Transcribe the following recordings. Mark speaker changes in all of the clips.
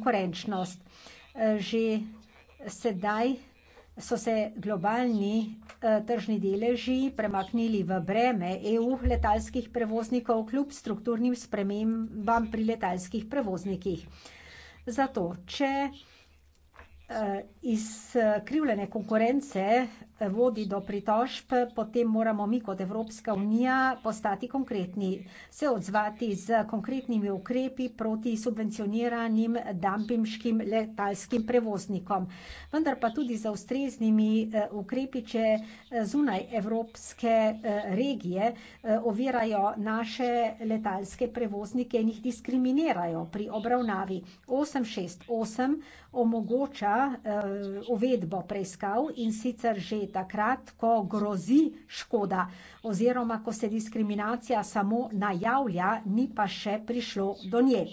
Speaker 1: konkurenčnost. Eh, že sedaj so se globalni eh, tržni deleži premaknili v breme EU letalskih prevoznikov kljub strukturnim spremembam pri letalskih prevoznikih. Zato, če eh, iz krivljene konkurence vodi do pritožb, potem moramo mi kot Evropska unija postati konkretni, se odzvati z konkretnimi ukrepi proti subvencioniranim dampimškim letalskim prevoznikom. Vendar pa tudi za ustreznimi eh, ukrepi, če eh, zunaj Evropske eh, regije ovirajo naše letalske prevoznike in jih diskriminirajo pri obravnavi. 868 omogoča uvedbo preiskav in sicer že takrat, ko grozi škoda oziroma ko se diskriminacija samo najavlja, ni pa še prišlo do nje.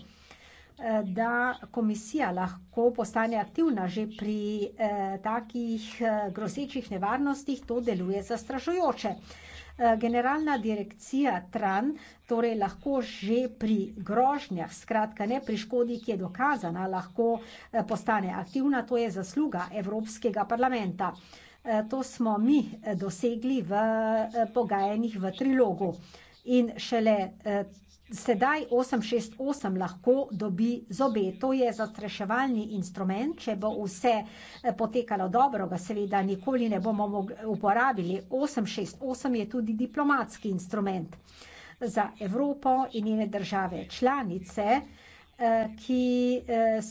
Speaker 1: Eh, da komisija lahko postane aktivna že pri eh, takih eh, grozečih nevarnostih, to deluje zastrašujoče. Eh, generalna direkcija TRAN torej lahko že pri grožnjah, skratka ne pri škodi, ki je dokazana, lahko eh, postane aktivna, to je zasluga Evropskega parlamenta. Eh, Eh, to smo mi eh, dosegli v eh, pogajanjih v trilogu. In šele sedaj 868 lahko dobi zobe. To je zastraševalni instrument, če bo vse potekalo dobro, ga seveda nikoli ne bomo uporabili. 868 je tudi diplomatski instrument za Evropo in njene države članice, ki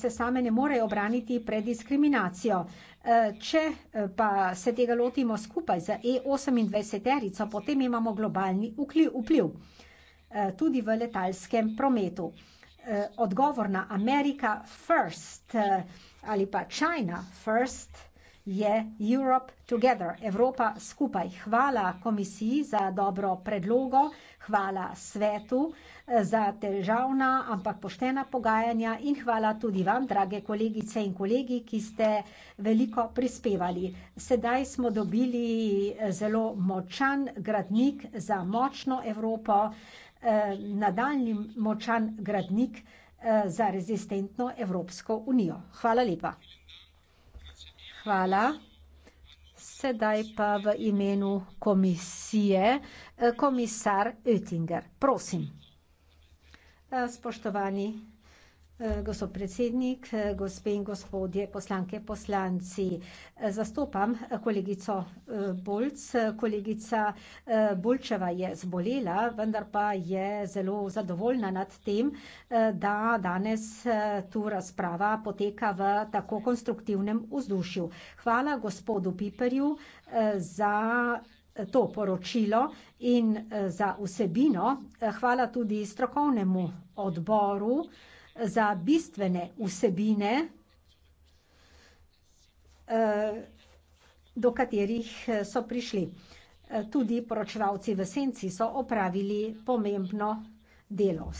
Speaker 1: se same ne morejo obraniti pred diskriminacijo. Eh, če eh, pa se tega lotimo skupaj za E28, potem imamo globalni vpliv eh, tudi v letalskem prometu. Odgovor na Amerika first ali pa China first je Europe Together, Evropa skupaj. Hvala komisiji za dobro predlogo, hvala svetu eh, za težavna, ampak poštena pogajanja in hvala tudi vam, drage kolegice in kolegi, ki ste veliko prispevali. Sedaj smo dobili eh, zelo močan gradnik za močno Evropo, eh, nadaljni močan gradnik za rezistentno Evropsko unijo. Hvala lepa hvala. Sedaj pa v imenu komisije, eh, komisar Oettinger, prosim. Eh, spoštovani Eh, gospod predsednik, eh, gospe in gospodje poslanke, poslanci. Eh, zastopam kolegico Bolc. Kolegica Bolčeva je zbolela, vendar pa je zelo zadovoljna nad tem, da danes tu razprava poteka v tako konstruktivnem vzdušju. Hvala gospodu Piperju za to poročilo in za vsebino. Hvala tudi strokovnemu odboru, za bistvene vsebine, eh, do katerih eh, so prišli. Eh, tudi poročevalci v senci so opravili pomembno delo.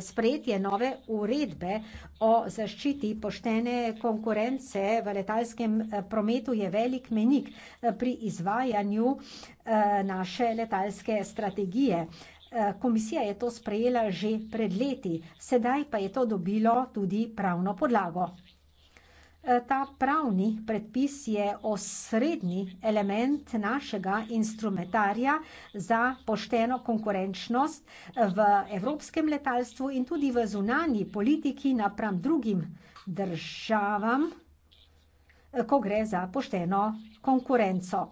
Speaker 1: sprejetje nove uredbe o zaščiti poštene konkurence v letalskem prometu je velik mejnik pri izvajanju naše letalske strategije. Eh, komisija je to sprejela že pred leti, sedaj pa je to dobilo tudi pravno podlago. Eh, ta pravni predpis je osrednji element našega instrumentarja za pošteno konkurenčnost eh, v evropskem letalstvu in tudi v zunanji politiki napram drugim državam, ko gre za pošteno konkurenco.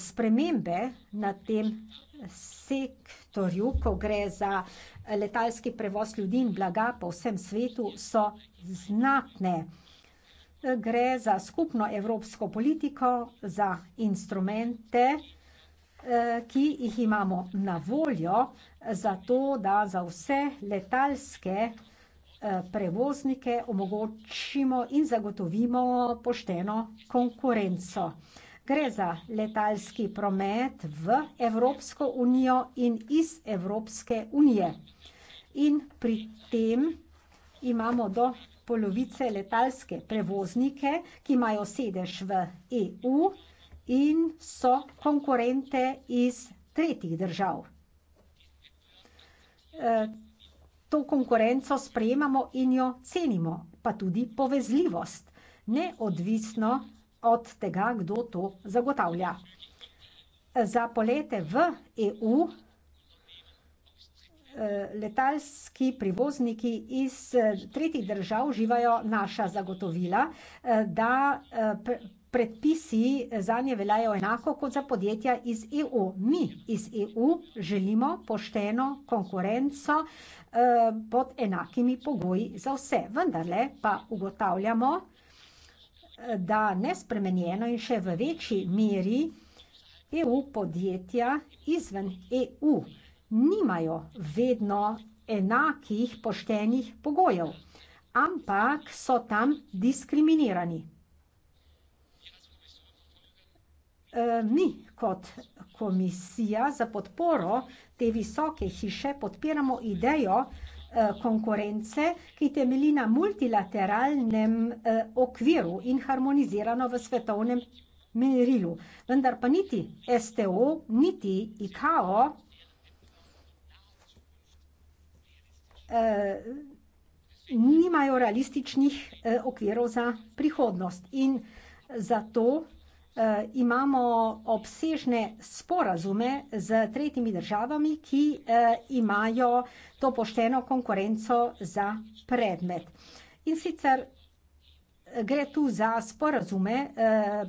Speaker 1: Spremembe na tem sektorju sektorju, ko gre za letalski prevoz ljudi in blaga po vsem svetu, so znatne. Gre za skupno evropsko politiko, za instrumente, eh, ki jih imamo na voljo, zato da za vse letalske eh, prevoznike omogočimo in zagotovimo pošteno konkurenco. Gre za letalski promet v Evropsko unijo in iz Evropske unije. In pri tem imamo do polovice letalske prevoznike, ki imajo sedež v EU in so konkurente iz tretjih držav. E, to konkurenco sprejemamo in jo cenimo, pa tudi povezljivost. Neodvisno od tega, kdo to zagotavlja. Za polete v EU eh, letalski privozniki iz eh, tretjih držav uživajo naša zagotovila, eh, da predpisi za nje veljajo enako kot za podjetja iz EU. Mi iz EU želimo pošteno konkurenco pod enakimi pogoji za vse, vendarle pa ugotavljamo, da nespremenjeno in še v večji meri EU podjetja izven EU nimajo vedno enakih poštenih pogojev, ampak so tam diskriminirani. E, mi kot komisija za podporo te visoke hiše podpiramo idejo, Eh, konkurence, ki temelji na multilateralnem eh, okviru in harmonizirano v svetovnem merilu. Vendar pa niti STO, niti IKAO eh, nimajo realističnih okvirov za prihodnost in zato Eh, imamo obsežne sporazume z tretjimi državami, ki eh, imajo to pošteno konkurenco za predmet. In sicer eh, gre tu za sporazume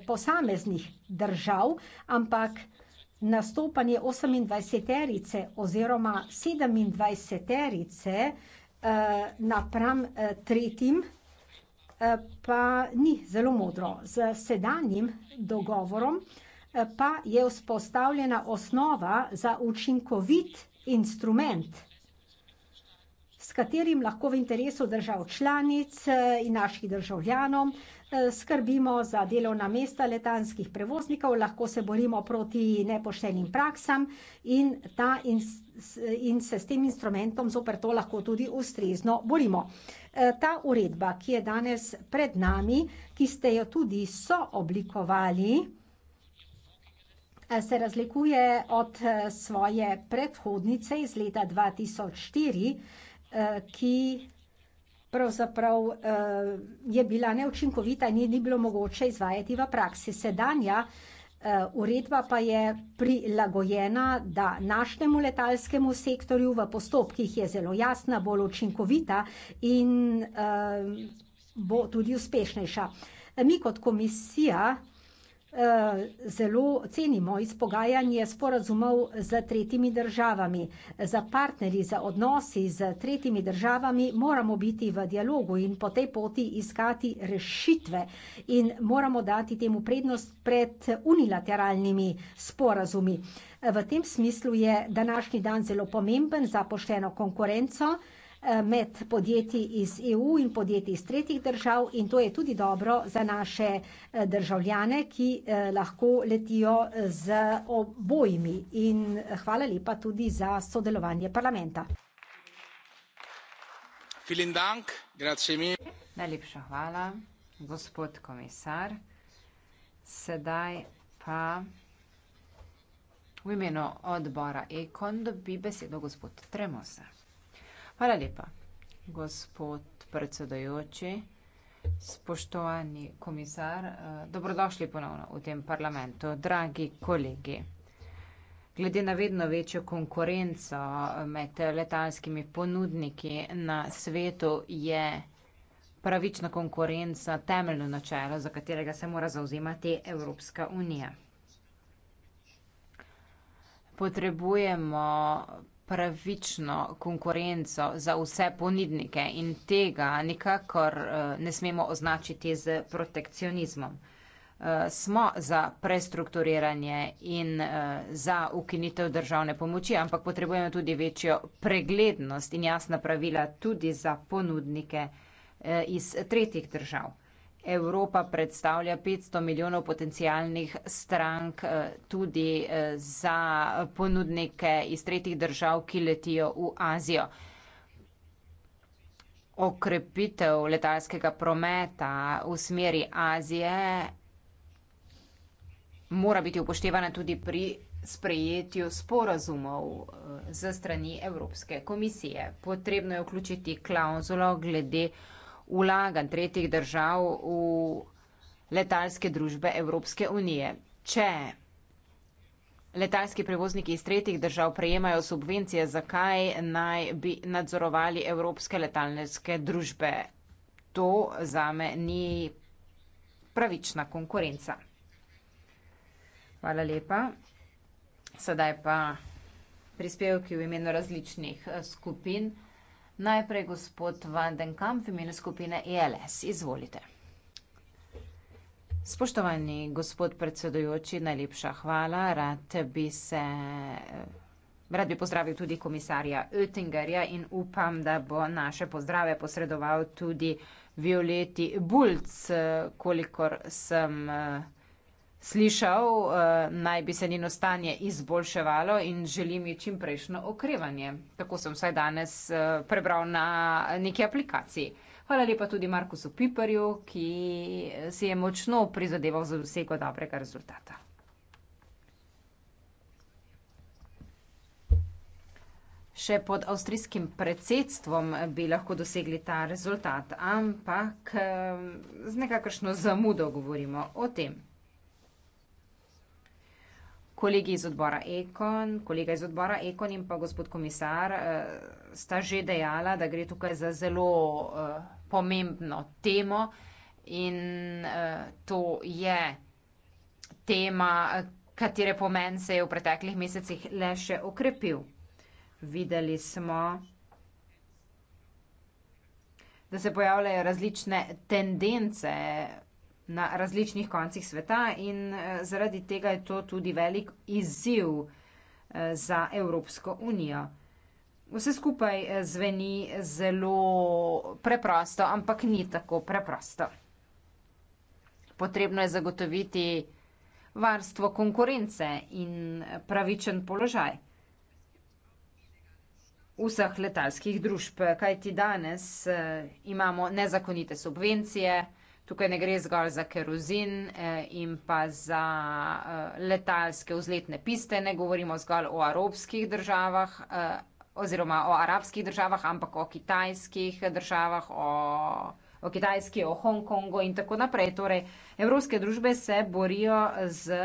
Speaker 1: posameznih držav, ampak nastopanje osemindvajseterice oziroma sedemindvajseterice napram tretjim Eh, pa ni zelo modro. Z sedanjim dogovorom eh, pa je vzpostavljena osnova za učinkovit instrument, s katerim lahko v interesu držav članic eh, in naših državljanov skrbimo za delovna mesta letanskih prevoznikov, lahko se borimo proti nepoštenim praksam in ta in se s tem instrumentom zoper to lahko tudi ustrezno borimo. Eh, ta uredba, ki je danes pred nami, ki ste jo tudi sooblikovali, eh, se razlikuje od eh, svoje predhodnice iz leta 2004, ki pravzaprav je bila neučinkovita in je ni bilo mogoče izvajati v praksi. Sedanja Eh, uredba pa je prilagojena, da našemu letalskemu sektorju v postopkih je zelo jasna, bolj učinkovita in eh, bo tudi uspešnejša. Mi kot komisija Eh, zelo cenimo izpogajanje sporazumov z tretjimi državami. Za partnerji, za odnosi z tretjimi državami moramo biti v dialogu in po tej poti iskati rešitve in moramo dati temu prednost pred unilateralnimi sporazumi. V tem smislu je današnji dan zelo pomemben za pošteno konkurenco. Eh, med podjetji iz EU in podjetji iz tretjih držav in to je tudi dobro za naše eh, državljane, ki eh, lahko letijo z obojimi. In hvala lepa tudi za sodelovanje parlamenta.
Speaker 2: Najlepša hvala, gospod komisar. Sedaj pa v imenu odbora Econ dobi besedo gospod Tremosa. Hvala lepa, gospod predsedojoči, spoštovani komisar, eh, dobrodošli ponovno v tem parlamentu, dragi kolegi. Glede na vedno večjo konkurenco eh, med letalskimi ponudniki na svetu je pravična konkurenca temeljno načelo, za katerega se mora zavzemati Evropska unija. Potrebujemo pravično konkurenco za vse ponudnike in tega nikakor eh, ne smemo označiti z protekcionizmom. Eh, smo za prestrukturiranje in eh, za ukinitev državne pomoči, ampak potrebujemo tudi večjo preglednost in jasna pravila tudi za ponudnike iz tretjih držav. Evropa predstavlja 500 milijonov potencijalnih strank eh, tudi eh, za ponudnike iz tretjih držav, ki letijo v Azijo. Okrepitev letalskega prometa v smeri Azije mora biti upoštevana tudi pri sprejetju sporazumov eh, za strani Evropske komisije. Potrebno je vključiti klauzulo glede vlaganj tretjih držav v letalske družbe Evropske unije. Če letalski prevozniki iz tretjih držav prejemajo subvencije, zakaj naj bi nadzorovali Evropske letalske družbe? To za me ni pravična konkurenca. Hvala lepa. Sedaj pa prispevki v imenu različnih eh, skupin. Najprej gospod Vandenkamp v imenu skupine ELS. Izvolite. Spoštovani gospod predsedujoči, najlepša hvala. Rad bi se, rad bi pozdravil tudi komisarja Oettingerja in upam, da bo naše pozdrave posredoval tudi Violeti Bulc, kolikor sem uh, slišal, eh, naj bi se njeno stanje izboljševalo in želim ji čimprejšno okrevanje. Tako sem vsaj danes eh, prebral na neki aplikaciji. Hvala lepa tudi Markusu Piperju, ki si je močno prizadeval za dosego dobrega rezultata. Še pod avstrijskim predsedstvom bi lahko dosegli ta rezultat, ampak eh, z nekakršno zamudo govorimo o tem kolegi iz odbora Ekon, kolega iz odbora Ekon in pa gospod komisar uh, sta že dejala, da gre tukaj za zelo uh, pomembno temo in uh, to je tema, katere pomen se je v preteklih mesecih le še okrepil. Videli smo, da se pojavljajo različne tendence na različnih koncih sveta in eh, zaradi tega je to tudi velik izziv eh, za Evropsko unijo. Vse skupaj eh, zveni zelo preprosto, ampak ni tako preprosto. Potrebno je zagotoviti varstvo konkurence in pravičen položaj vseh letalskih družb, kajti danes imamo nezakonite subvencije, Tukaj ne gre zgolj za kerozin eh, in pa za eh, letalske vzletne piste, ne govorimo zgolj o arabskih državah eh, oziroma o arabskih državah, ampak o kitajskih državah, o, o Kitajski, o Hongkongu in tako naprej. Torej, evropske družbe se borijo z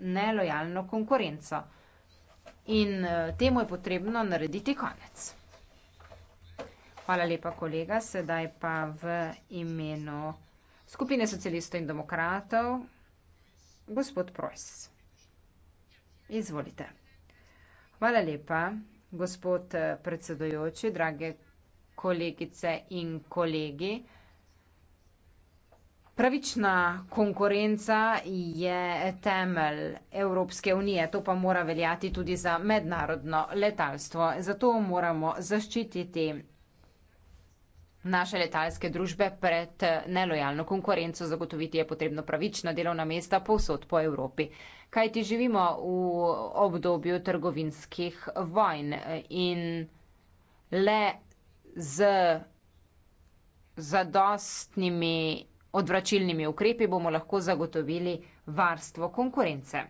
Speaker 2: nelojalno konkurenco in temu je potrebno narediti konec. Hvala lepa, kolega. Sedaj pa v imenu Skupine socialistov in demokratov, gospod Projs. Izvolite. Hvala lepa, gospod eh, predsedojoči, drage kolegice in kolegi. Pravična konkurenca je temelj Evropske unije, to pa mora veljati tudi za mednarodno letalstvo. Zato moramo zaščititi naše letalske družbe pred eh, nelojalno konkurenco, zagotoviti je potrebno pravična delovna mesta povsod po Evropi. Kaj ti živimo v obdobju trgovinskih vojn eh, in le z zadostnimi odvračilnimi ukrepi bomo lahko zagotovili varstvo konkurence.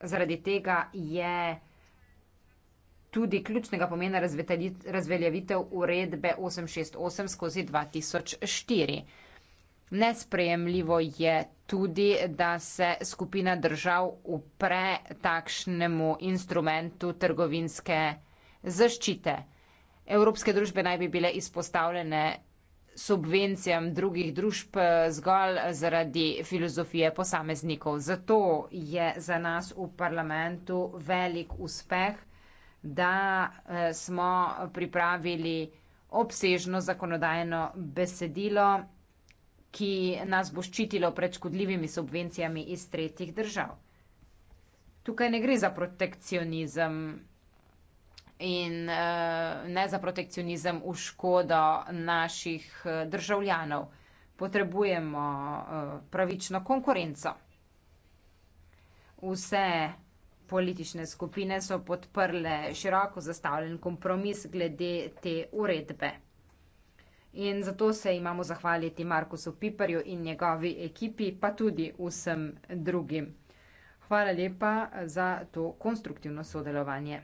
Speaker 2: Zaradi tega je tudi ključnega pomena razveljavitev uredbe 868 skozi 2004. Nesprejemljivo je tudi, da se skupina držav upre takšnemu instrumentu trgovinske zaščite. Evropske družbe naj bi bile izpostavljene subvencijam drugih družb zgolj zaradi filozofije posameznikov. Zato je za nas v parlamentu velik uspeh, da eh, smo pripravili obsežno zakonodajno besedilo, ki nas bo ščitilo pred škodljivimi subvencijami iz tretjih držav. Tukaj ne gre za protekcionizem in eh, ne za protekcionizem v škodo naših eh, državljanov. Potrebujemo pravično konkurenco. Vse politične skupine so podprle široko zastavljen kompromis glede te uredbe. In zato se imamo zahvaliti Markusu Piperju in njegovi ekipi, pa tudi vsem drugim. Hvala lepa za to konstruktivno sodelovanje.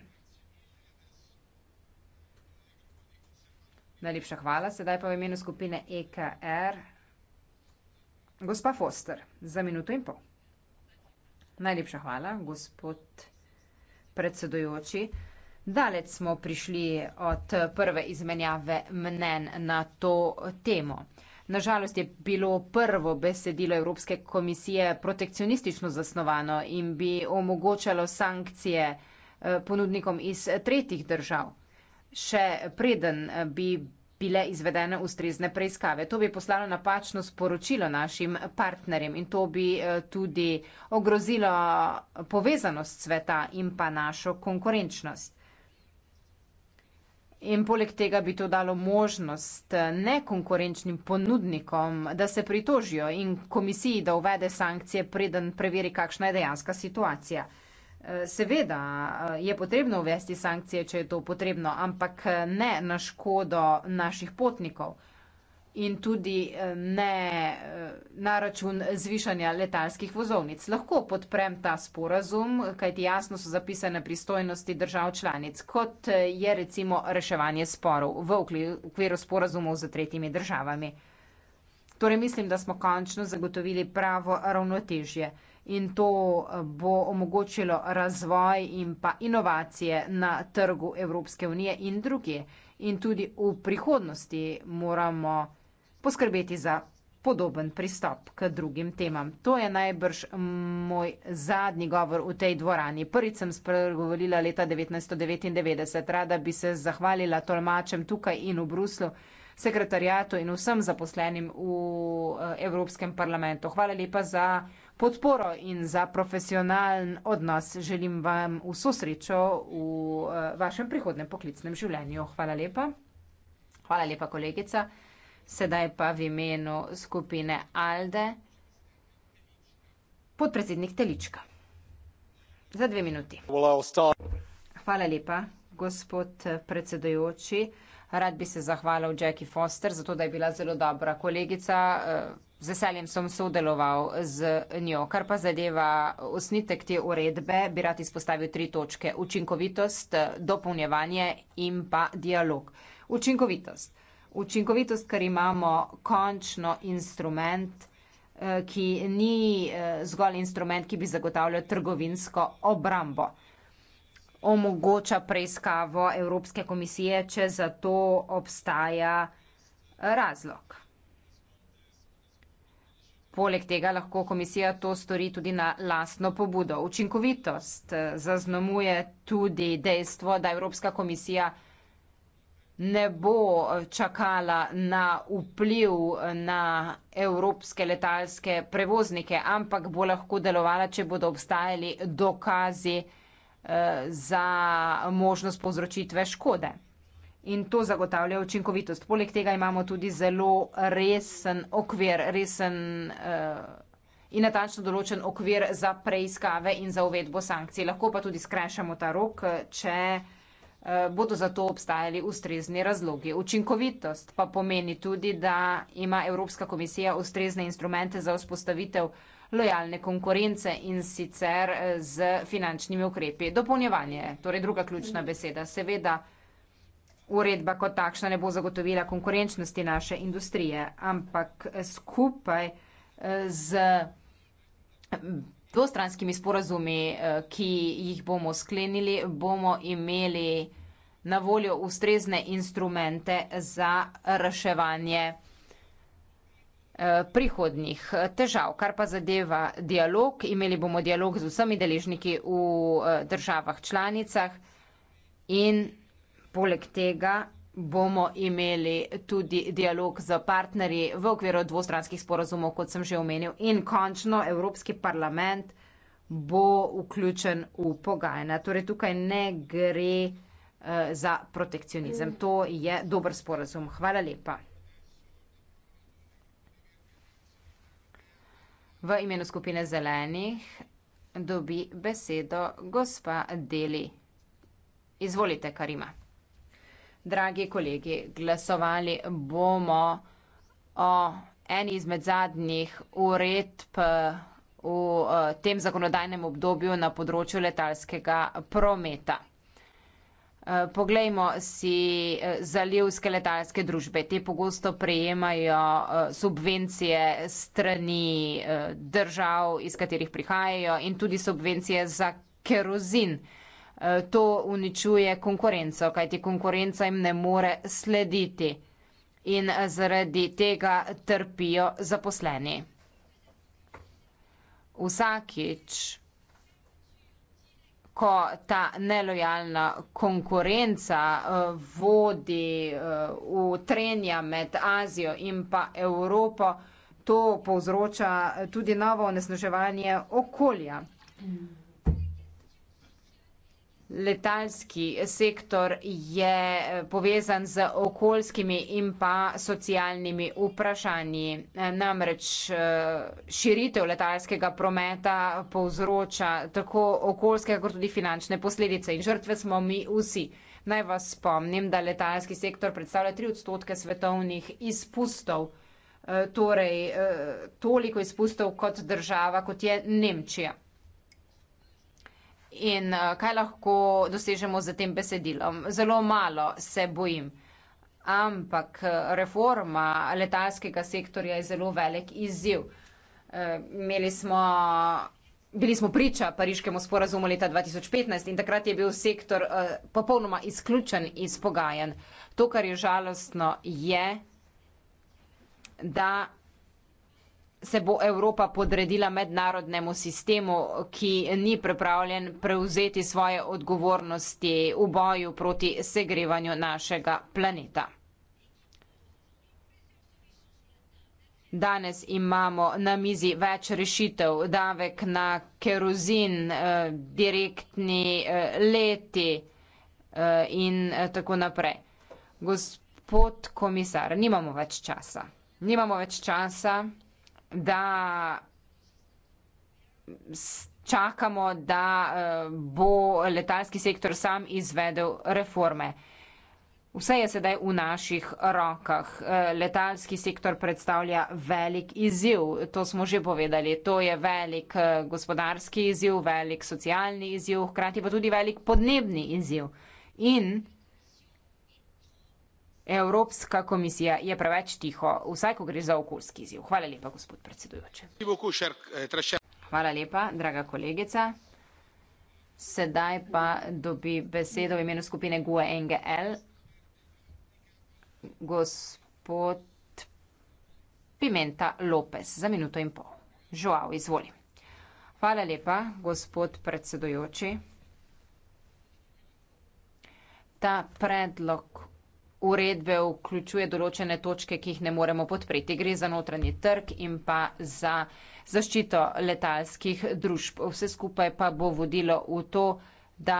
Speaker 2: Najlepša hvala. Sedaj pa v imenu skupine EKR gospa Foster za minuto in pol. Najlepša hvala, gospod predsedujoči. Daleč smo prišli od prve izmenjave mnen na to temo. Nažalost je bilo prvo besedilo Evropske komisije protekcionistično zasnovano in bi omogočalo sankcije eh, ponudnikom iz tretjih držav. Še preden eh, bi bile izvedene ustrezne preiskave. To bi poslalo napačno sporočilo našim partnerjem in to bi eh, tudi ogrozilo povezanost sveta in pa našo konkurenčnost. In poleg tega bi to dalo možnost eh, nekonkurenčnim ponudnikom, da se pritožijo in komisiji, da uvede sankcije, preden preveri, kakšna je dejanska situacija. Seveda eh, je potrebno uvesti sankcije, če je to potrebno, ampak eh, ne na škodo naših potnikov in tudi eh, ne na račun zvišanja letalskih vozovnic. Lahko podprem ta sporazum, kajti jasno so zapisane pristojnosti držav članic, kot je recimo reševanje sporov v okviru sporazumov z tretjimi državami. Torej mislim, da smo končno zagotovili pravo ravnotežje in to eh, bo omogočilo razvoj in pa inovacije na trgu Evropske unije in druge. In tudi v prihodnosti moramo poskrbeti za podoben pristop k drugim temam. To je najbrž moj zadnji govor v tej dvorani. Prvič sem spregovorila leta 1999. Rada bi se zahvalila tolmačem tukaj in v Bruslu sekretarjatu in vsem zaposlenim v eh, Evropskem parlamentu. Hvala lepa za podporo in za profesionalen odnos. Želim vam vso srečo v eh, vašem prihodnem poklicnem življenju. Hvala lepa. Hvala lepa, kolegica. Sedaj pa v imenu skupine Alde. Podpredsednik Telička. Za dve minuti. Hvala lepa, gospod eh, predsedojoči. Rad bi se zahvalil Jackie Foster za to, da je bila zelo dobra kolegica. Eh, z veseljem sem sodeloval z njo. Kar pa zadeva osnitek te uredbe, bi rad izpostavil tri točke. Učinkovitost, dopolnjevanje in pa dialog. Učinkovitost. Učinkovitost, ker imamo končno instrument, eh, ki ni eh, zgolj instrument, ki bi zagotavljal trgovinsko obrambo omogoča preiskavo Evropske komisije, če za to obstaja razlog. Poleg tega lahko komisija to stori tudi na lastno pobudo. Učinkovitost eh, zaznamuje tudi dejstvo, da Evropska komisija ne bo eh, čakala na vpliv eh, na evropske letalske prevoznike, ampak bo lahko delovala, če bodo obstajali dokazi, za možnost povzročitve škode. In to zagotavlja učinkovitost. Poleg tega imamo tudi zelo resen okvir, resen uh, in natančno določen okvir za preiskave in za uvedbo sankcij. Lahko pa tudi skrajšamo ta rok, če uh, bodo za to obstajali ustrezni razlogi. Učinkovitost pa pomeni tudi, da ima Evropska komisija ustrezne instrumente za vzpostavitev uh, lojalne konkurence in sicer eh, z finančnimi ukrepi. Dopolnjevanje, torej druga ključna beseda. Seveda uredba kot takšna ne bo zagotovila konkurenčnosti naše industrije, ampak eh, skupaj eh, z mm, dvostranskimi sporazumi, ki jih bomo sklenili, bomo imeli na voljo ustrezne instrumente za reševanje. Eh, prihodnih težav. Kar pa zadeva dialog, imeli bomo dialog z vsemi deležniki v eh, državah članicah in poleg tega bomo imeli tudi dialog z partnerji v okviru dvostranskih sporozumov, kot sem že omenil. In končno Evropski parlament bo vključen v pogajanja. Torej tukaj ne gre uh, za protekcionizem. To je dober sporozum. Hvala lepa. V imenu skupine zelenih dobi besedo gospa Deli. Izvolite, Karima. Dragi kolegi, glasovali bomo o eni izmed zadnjih uredb v eh, tem zakonodajnem obdobju na področju letalskega prometa. Eh, poglejmo si eh, zalivske letalske družbe. Te pogosto prejemajo eh, subvencije strani držav, iz katerih prihajajo, in tudi subvencije za kerozin. To uničuje konkurenco, kajti konkurenca jim ne more slediti in zaradi tega trpijo zaposleni. Vsakič ko ta nelojalna konkurenca eh, vodi eh, v trenja med Azijo in pa Evropo, to povzroča tudi novo onesnaževanje okolja. Mm letalski sektor je eh, povezan z okoljskimi in pa socialnimi vprašanji. Eh, namreč eh, širitev letalskega prometa povzroča tako okoljske kot tudi finančne posledice in žrtve smo mi vsi. Naj vas spomnim, da letalski sektor predstavlja tri odstotke svetovnih izpustov, torej toliko izpustov kot država, kot je Nemčija. In uh, kaj lahko dosežemo z tem besedilom? Zelo malo se bojim. Ampak eh, reforma letalskega sektorja je zelo velik izziv. E, smo, bili smo priča pariškemu sporazumu leta 2015 in takrat je bil sektor e, popolnoma izključen iz pogajanj. To, kar je žalostno, je, da se bo Evropa podredila mednarodnemu sistemu, ki ni pripravljen prevzeti svoje odgovornosti v boju proti segrevanju našega planeta. Danes imamo na mizi več rešitev, davek na kerozin, eh, direktni eh, leti eh, in tako naprej. Gospod komisar, nimamo več časa. Nimamo več časa da čakamo, da eh, bo letalski sektor sam izvedel reforme. Vse je sedaj v naših rokah. Eh, letalski sektor predstavlja velik izziv, to smo že povedali. To je velik eh, gospodarski izziv, velik socialni izziv, hkrati pa tudi velik podnebni izziv. In Evropska komisija je preveč tiho, vsaj ko gre za okoljski izjiv. Hvala lepa, gospod
Speaker 1: predsedujoče.
Speaker 2: Hvala lepa, draga kolegica. Sedaj pa dobi besedo v imenu skupine GUE NGL. Gospod Pimenta Lopez, za minuto in pol. Žoav, izvoli. Hvala lepa, gospod predsedujoči. Ta predlog uredbe vključuje določene točke, ki jih ne moremo podpreti. Gre za notranji trg in pa za zaščito letalskih družb. Vse skupaj pa bo vodilo v to, da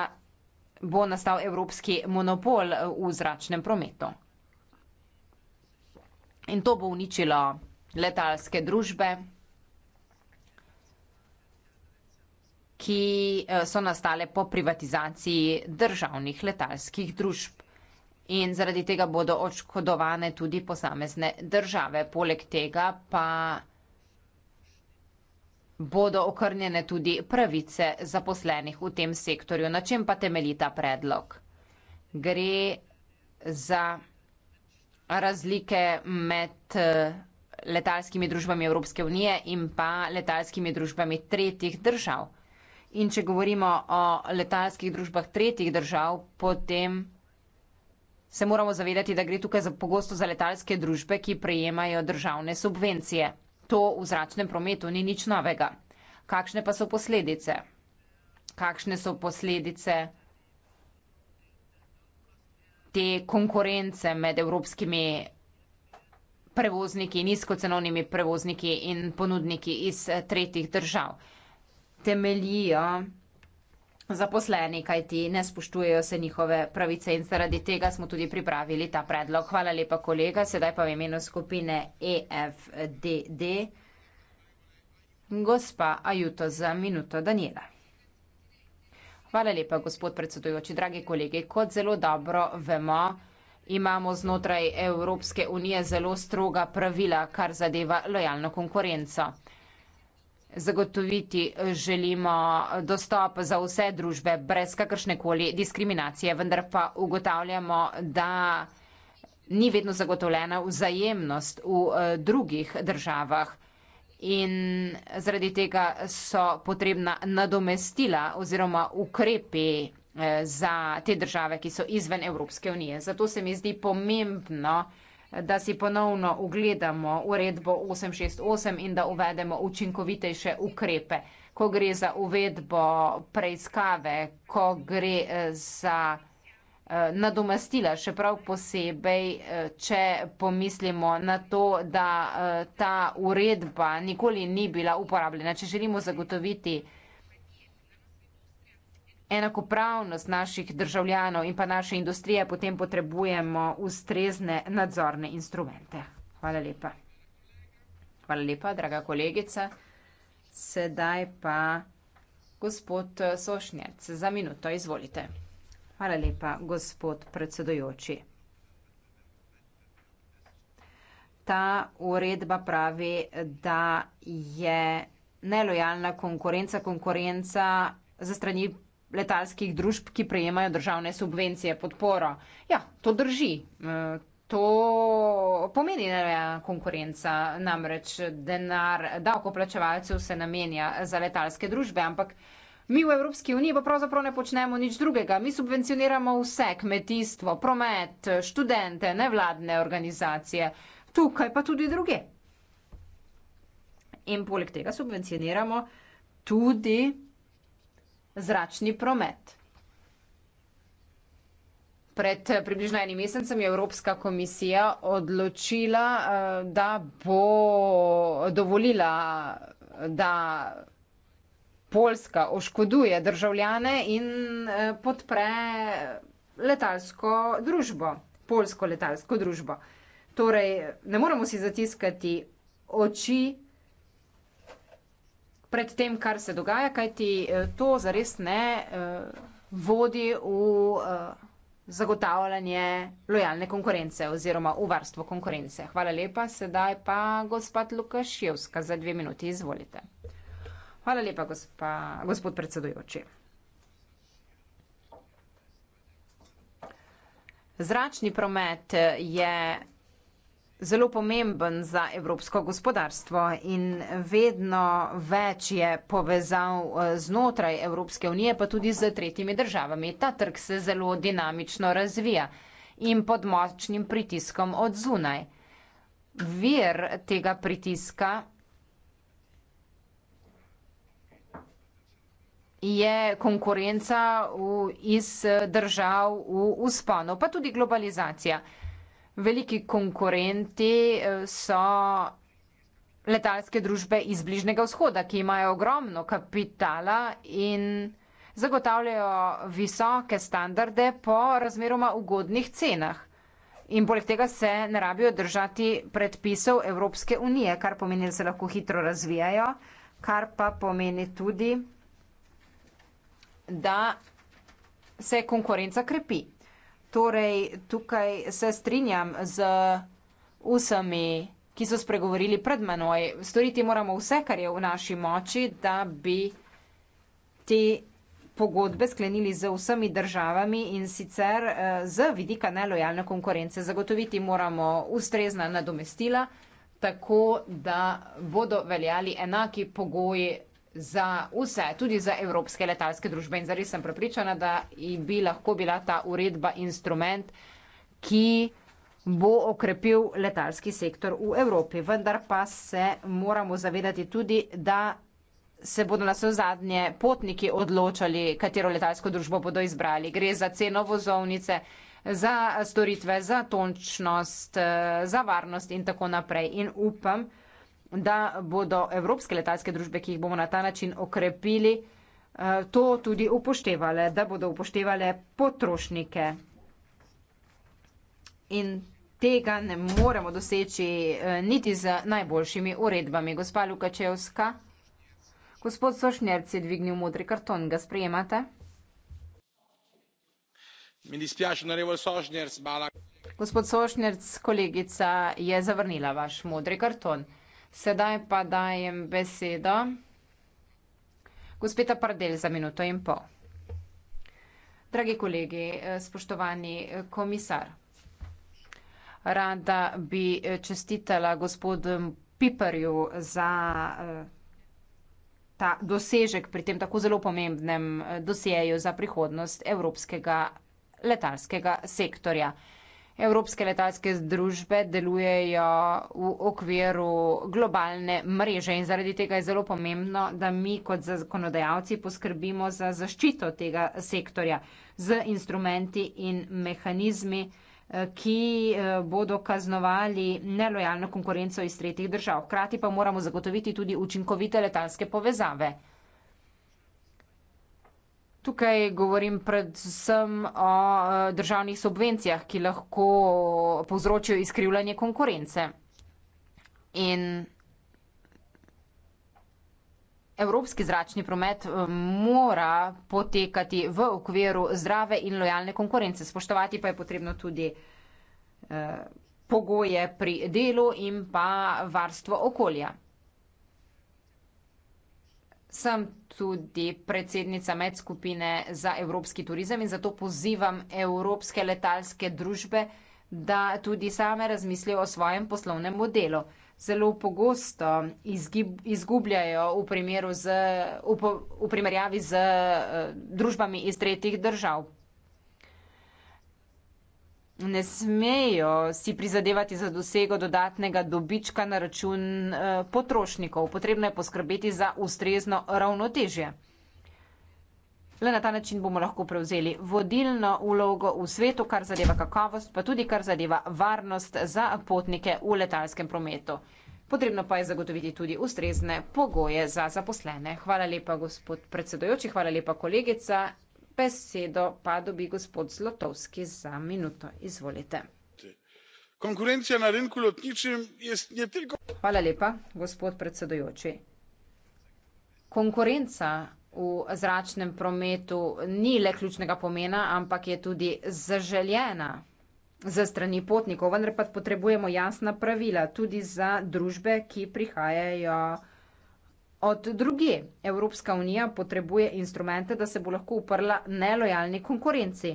Speaker 2: bo nastal evropski monopol v zračnem prometu. In to bo uničilo letalske družbe, ki eh, so nastale po privatizaciji državnih letalskih družb in zaradi tega bodo očkodovane tudi posamezne države. Poleg tega pa bodo okrnjene tudi pravice zaposlenih v tem sektorju. Na čem pa temelji ta predlog? Gre za razlike med eh, letalskimi družbami Evropske unije in pa letalskimi družbami tretjih držav. In če govorimo o letalskih družbah tretjih držav, potem se moramo zavedati, da gre tukaj za pogosto za letalske družbe, ki prejemajo državne subvencije. To v zračnem prometu ni nič novega. Kakšne pa so posledice? Kakšne so posledice te konkurence med evropskimi prevozniki, nizkocenovnimi prevozniki in ponudniki iz tretjih držav? Temeljijo zaposleni, kaj ti ne spoštujejo se njihove pravice in zaradi tega smo tudi pripravili ta predlog. Hvala lepa, kolega. Sedaj pa v imenu skupine EFDD. Gospa Ajuto za minuto Daniela. Hvala lepa, gospod predsedujoči. Dragi kolegi, kot zelo dobro vemo, imamo znotraj Evropske unije zelo stroga pravila, kar zadeva lojalno konkurenco zagotoviti eh, želimo eh, dostop za vse družbe brez kakršnekoli diskriminacije, vendar pa ugotavljamo, da ni vedno zagotovljena vzajemnost v eh, drugih državah in zaradi tega so potrebna nadomestila oziroma ukrepi za te države, ki so izven Evropske unije. Zato se mi zdi pomembno, da si ponovno ugledamo uredbo 868 in da uvedemo učinkovitejše ukrepe, ko gre za uvedbo preiskave, ko gre eh, za eh, nadomestila, še prav posebej, eh, če pomislimo na to, da ta uredba nikoli ni bila uporabljena. Če želimo zagotoviti enakopravnost naših državljanov in pa naše industrije, potem potrebujemo ustrezne nadzorne instrumente. Hvala lepa. Hvala lepa, draga kolegica. Sedaj pa gospod Sošnjec, za minuto izvolite. Hvala lepa, gospod predsedujoči. Ta uredba pravi, da je nelojalna konkurenca konkurenca za strani letalskih družb, ki prejemajo državne subvencije, podporo. Ja, to drži. E, to pomeni konkurenca, namreč denar davkoplačevalcev se namenja za letalske družbe, ampak mi v Evropski uniji pa pravzaprav ne počnemo nič drugega. Mi subvencioniramo vse kmetijstvo, promet, študente, nevladne organizacije, tukaj pa tudi druge. In poleg tega subvencioniramo tudi zračni promet. Pred eh, približno enim mesecem je Evropska komisija odločila, eh, da bo dovolila, eh, da Poljska oškoduje državljane in podpre letalsko družbo, polsko letalsko družbo. Torej, ne moremo si zatiskati oči pred tem, kar se dogaja, kajti eh, to zares ne eh, vodi v eh, zagotavljanje lojalne konkurence oziroma v varstvo konkurence. Hvala lepa, sedaj pa gospod Lukaševska za dve minuti, izvolite. Hvala lepa, gospa, gospod predsedujoči. Zračni promet je zelo pomemben za evropsko gospodarstvo in vedno več je povezal eh, znotraj Evropske unije, pa tudi z tretjimi državami. Ta trg se zelo dinamično razvija in pod močnim pritiskom od zunaj. Vir tega pritiska je konkurenca v, iz eh, držav v usponu, pa tudi globalizacija veliki konkurenti eh, so letalske družbe iz Bližnjega vzhoda, ki imajo ogromno kapitala in zagotavljajo visoke standarde po razmeroma ugodnih cenah. In poleg tega se ne rabijo držati predpisov Evropske unije, kar pomeni, da se lahko hitro razvijajo, kar pa pomeni tudi, da se konkurenca krepi. Torej, tukaj se strinjam z vsemi, ki so spregovorili pred menoj. Storiti moramo vse, kar je v naši moči, da bi te pogodbe sklenili z vsemi državami in sicer eh, z vidika nelojalne konkurence. Zagotoviti moramo ustrezna nadomestila, tako da bodo veljali enaki pogoji za vse, tudi za evropske letalske družbe. In zares sem prepričana, da bi lahko bila ta uredba instrument, ki bo okrepil letalski sektor v Evropi. Vendar pa se moramo zavedati tudi, da se bodo na vse zadnje potniki odločali, katero letalsko družbo bodo izbrali. Gre za ceno vozovnice, za storitve, za tončnost, za varnost in tako naprej. In upam, da bodo evropske letalske družbe, ki jih bomo na ta način okrepili, eh, to tudi upoštevale, da bodo upoštevale potrošnike. In tega ne moremo doseči eh, niti z najboljšimi uredbami. Gospa Lukačevska, gospod Sošnjerc je dvignil modri karton, ga sprejemate? Gospod Sošnjerc, kolegica je zavrnila vaš modri karton. Sedaj pa dajem besedo gospeta Pardel za minuto in pol. Dragi kolegi, spoštovani komisar, rada bi čestitala gospodu Piperju za ta dosežek pri tem tako zelo pomembnem eh, dosjeju za prihodnost evropskega letalskega sektorja. Evropske letalske združbe delujejo v okviru globalne mreže in zaradi tega je zelo pomembno, da mi kot zakonodajalci poskrbimo za zaščito tega sektorja z instrumenti in mehanizmi, eh, ki eh, bodo kaznovali nelojalno konkurenco iz tretjih držav. Hkrati pa moramo zagotoviti tudi učinkovite letalske povezave. Tukaj govorim predvsem o e, državnih subvencijah, ki lahko povzročijo izkrivljanje konkurence. In evropski zračni promet e, mora potekati v okviru zdrave in lojalne konkurence. Spoštovati pa je potrebno tudi e, pogoje pri delu in pa varstvo okolja. Sem tudi predsednica medskupine za evropski turizem in zato pozivam evropske letalske družbe, da tudi same razmislijo o svojem poslovnem modelu. Zelo pogosto izgib, izgubljajo v, z, v, v primerjavi z eh, družbami iz tretjih držav ne smejo si prizadevati za dosego dodatnega dobička na račun eh, potrošnikov. Potrebno je poskrbeti za ustrezno ravnotežje. Le na ta način bomo lahko prevzeli vodilno ulogo v svetu, kar zadeva kakovost, pa tudi kar zadeva varnost za potnike v letalskem prometu. Potrebno pa je zagotoviti tudi ustrezne pogoje za zaposlene. Hvala lepa, gospod predsedojoči, hvala lepa, kolegica besedo pa dobi gospod zlotovski za minuto izvolite
Speaker 1: konkurenca na rynku lotniczym jest nie tylko Hvala
Speaker 2: lepa, gospod predsedujoči. Konkurenca v zračnem prometu ni le ključnega pomena, ampak je tudi zaželjena za strani potnikov, vendar pa potrebujemo jasna pravila tudi za družbe, ki prihajajo Od druge, Evropska unija potrebuje instrumente, da se bo lahko uprla nelojalni konkurenci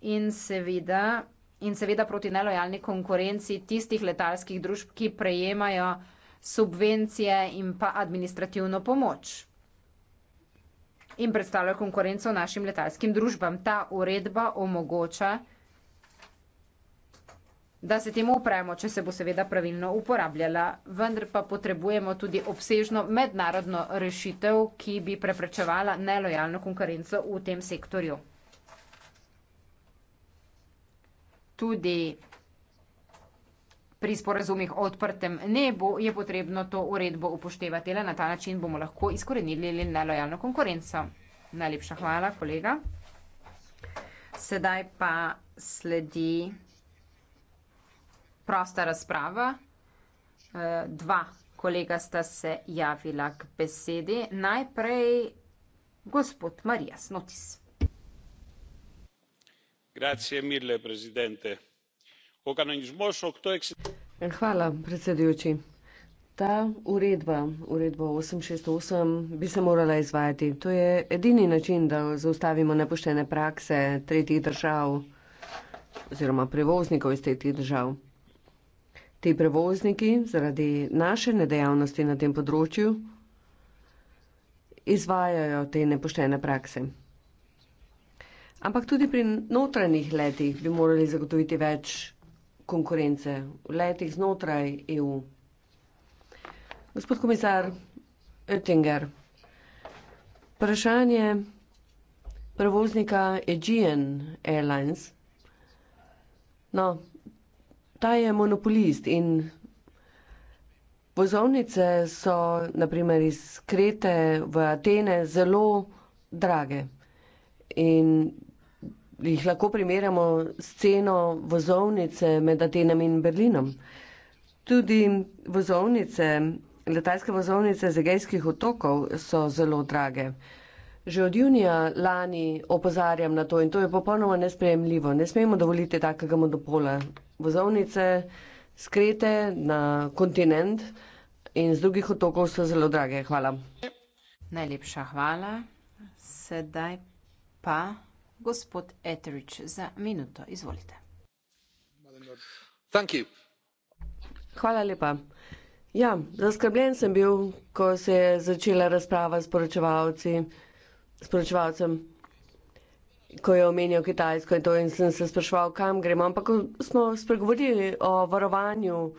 Speaker 2: in seveda, in seveda proti nelojalni konkurenci tistih letalskih družb, ki prejemajo subvencije in pa administrativno pomoč in predstavljajo konkurenco našim letalskim družbam. Ta uredba omogoča, da se temu upremo, če se bo seveda pravilno uporabljala. Vendar pa potrebujemo tudi obsežno mednarodno rešitev, ki bi preprečevala nelojalno konkurenco v tem sektorju. Tudi pri sporazumih o odprtem nebu je potrebno to uredbo upoštevati, le na ta način bomo lahko izkorenili nelojalno konkurenco. Najlepša hvala, kolega. Sedaj pa sledi prosta razprava. Eh, dva kolega sta se javila k besedi. Najprej gospod Marija Snotis.
Speaker 3: Eh, hvala, predsedujoči. Ta uredba, uredba 868, bi se morala izvajati. To je edini način, da zaustavimo nepoštene prakse tretjih držav oziroma prevoznikov iz tretjih držav. Ti prevozniki zaradi naše nedejavnosti na tem področju izvajajo te nepoštene prakse. Ampak tudi pri notranjih letih bi morali zagotoviti več konkurence v letih znotraj EU. Gospod komisar Oettinger, vprašanje prevoznika Aegean Airlines. No, ta je monopolist in vozovnice so, naprimer, iz Krete v Atene zelo drage in jih lahko primerjamo s ceno vozovnice med Atenem in Berlinom. Tudi vozovnice, letalske vozovnice z Egejskih otokov so zelo drage. Že od junija lani opozarjam na to in to je popolnoma nesprejemljivo. Ne smemo dovoliti takega monopola vozovnice skrete na kontinent in z drugih otokov so zelo drage. Hvala. Najlepša hvala.
Speaker 2: Sedaj
Speaker 3: pa gospod Etrič za minuto. Izvolite. Thank you. Hvala lepa. Ja, zaskrbljen sem bil, ko se je začela razprava s poročevalci, s poročevalcem ko je omenjal Kitajsko in to in sem se spraševal, kam gremo. Ampak ko smo spregovorili o varovanju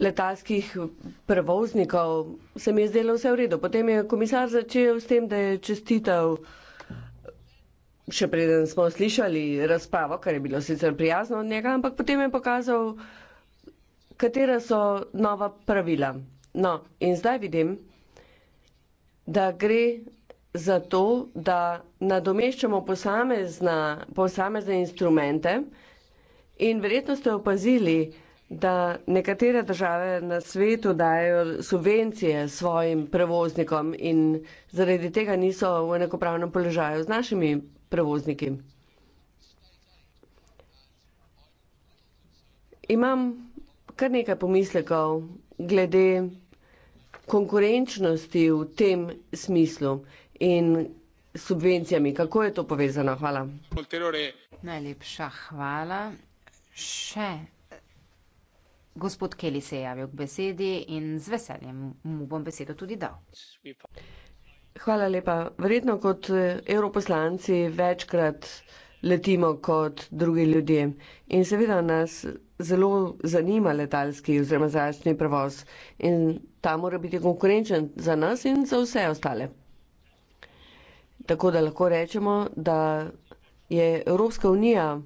Speaker 3: letalskih prevoznikov, se mi je zdelo vse v redu. Potem je komisar začel s tem, da je čestitev. Še preden smo slišali razpravo, kar je bilo sicer prijazno od njega, ampak potem je pokazal, katera so nova pravila. No, in zdaj vidim, da gre zato, da nadomeščamo posamezna, posamezne instrumente in verjetno ste opazili, da nekatere države na svetu dajo subvencije svojim prevoznikom in zaradi tega niso v enakopravnem položaju z našimi prevozniki. Imam kar nekaj pomislekov glede konkurenčnosti v tem smislu in subvencijami. Kako je to povezano? Hvala.
Speaker 2: Najlepša hvala. Še gospod Keli se je javil k besedi in z veseljem mu bom
Speaker 3: besedo tudi dal. Hvala lepa. Verjetno kot eh, europoslanci večkrat letimo kot drugi ljudje in seveda nas zelo zanima letalski oziroma zračni prevoz in ta mora biti konkurenčen za nas in za vse ostale. Tako da lahko rečemo, da je Evropska unija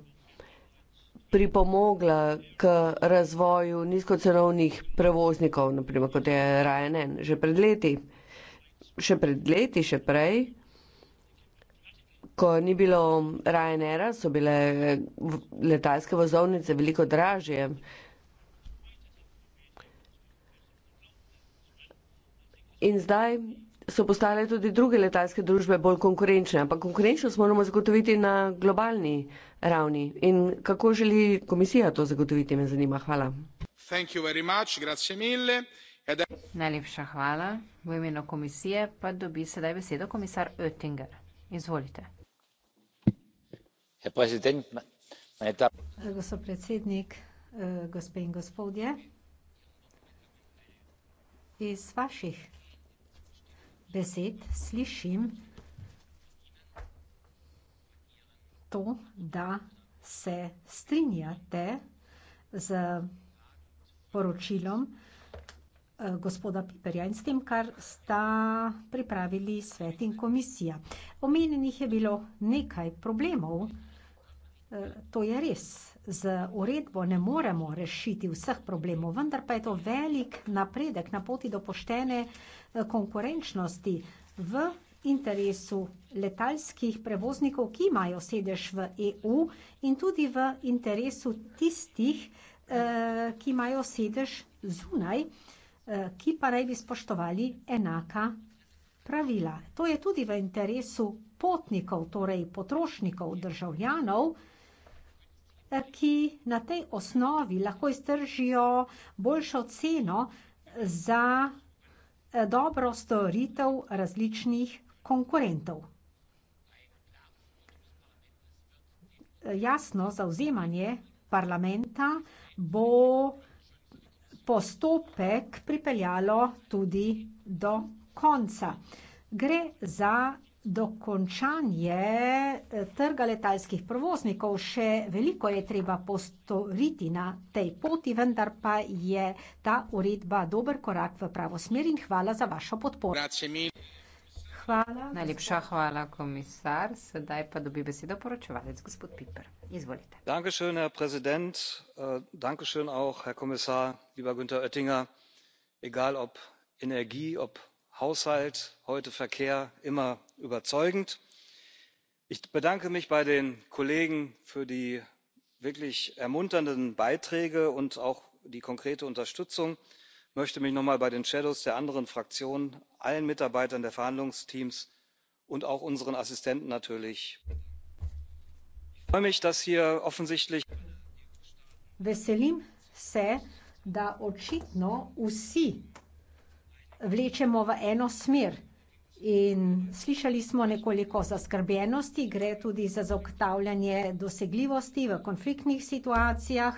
Speaker 3: pripomogla k razvoju nizkocenovnih prevoznikov, naprimer kot je Ryanair, že pred leti. Še pred leti, še prej, ko ni bilo Ryanaira, so bile letalske vozovnice veliko dražje. In zdaj so postale tudi druge letalske družbe bolj konkurenčne, ampak konkurenčnost moramo zagotoviti na globalni ravni. In kako želi komisija to zagotoviti, me zanima. Hvala.
Speaker 2: Najlepša hvala. V imenu komisije pa dobi sedaj besedo komisar Oettinger. Izvolite.
Speaker 1: Gospod predsednik, eh, gospe in gospodje, iz vaših besed slišim to, da se strinjate z poročilom eh, gospoda Piperja in s tem, kar sta pripravili svet in komisija. Omenjenih je bilo nekaj problemov, eh, to je res z uredbo ne moremo rešiti vseh problemov, vendar pa je to velik napredek na poti do poštene eh, konkurenčnosti v interesu letalskih prevoznikov, ki imajo sedež v EU in tudi v interesu tistih, eh, ki imajo sedež zunaj, eh, ki pa naj bi spoštovali enaka pravila. To je tudi v interesu potnikov, torej potrošnikov, državljanov, ki na tej osnovi lahko iztržijo boljšo ceno za eh, dobro storitev različnih konkurentov. Jasno, zavzemanje parlamenta bo postopek pripeljalo tudi do konca. Gre za dokončanje eh, trga letalskih provoznikov. Še veliko je treba postoriti na tej poti, vendar pa je ta uredba dober korak v pravo smer in hvala za vašo podporo. Hvala. Najlepša hvala, komisar. Sedaj
Speaker 2: pa dobi besedo poročevalec, gospod Piper. Izvolite.
Speaker 1: Dankeschön, herr Präsident. Äh,
Speaker 2: Dankeschön auch, herr Kommissar, lieber Günther Oettinger. Egal ob Energie, ob haushalt heute verkehr immer überzeugend. ich bedanke mich bei den kollegen für die wirklich ermunternden beiträge und auch die konkrete unterstützung möchte mich nochmal bei den schattenberichterstattern der anderen fraktionen allen mitarbeitern der verhandlungsteams und auch unseren assistenten natürlich bedanken. ich freue mich dass hier offensichtlich.
Speaker 1: veselim se da očitno vsi vlečemo v eno smer. In slišali smo nekoliko zaskrbljenosti, gre tudi za zagotavljanje dosegljivosti v konfliktnih situacijah,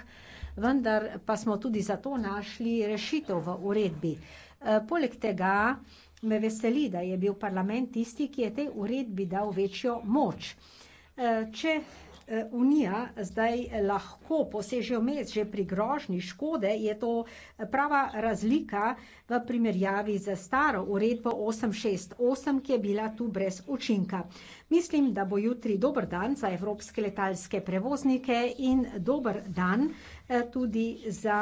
Speaker 1: vendar pa smo tudi za to našli rešitev v uredbi. E, poleg tega me veseli, da je bil parlament tisti, ki je tej uredbi dal večjo moč. E, če E, Unija zdaj e, lahko poseže vmes že pri grožnji škode, je to e, prava razlika v primerjavi z staro uredbo 868, ki je bila tu brez učinka. Mislim, da bo jutri dober dan za evropske letalske prevoznike in dober dan eh, tudi za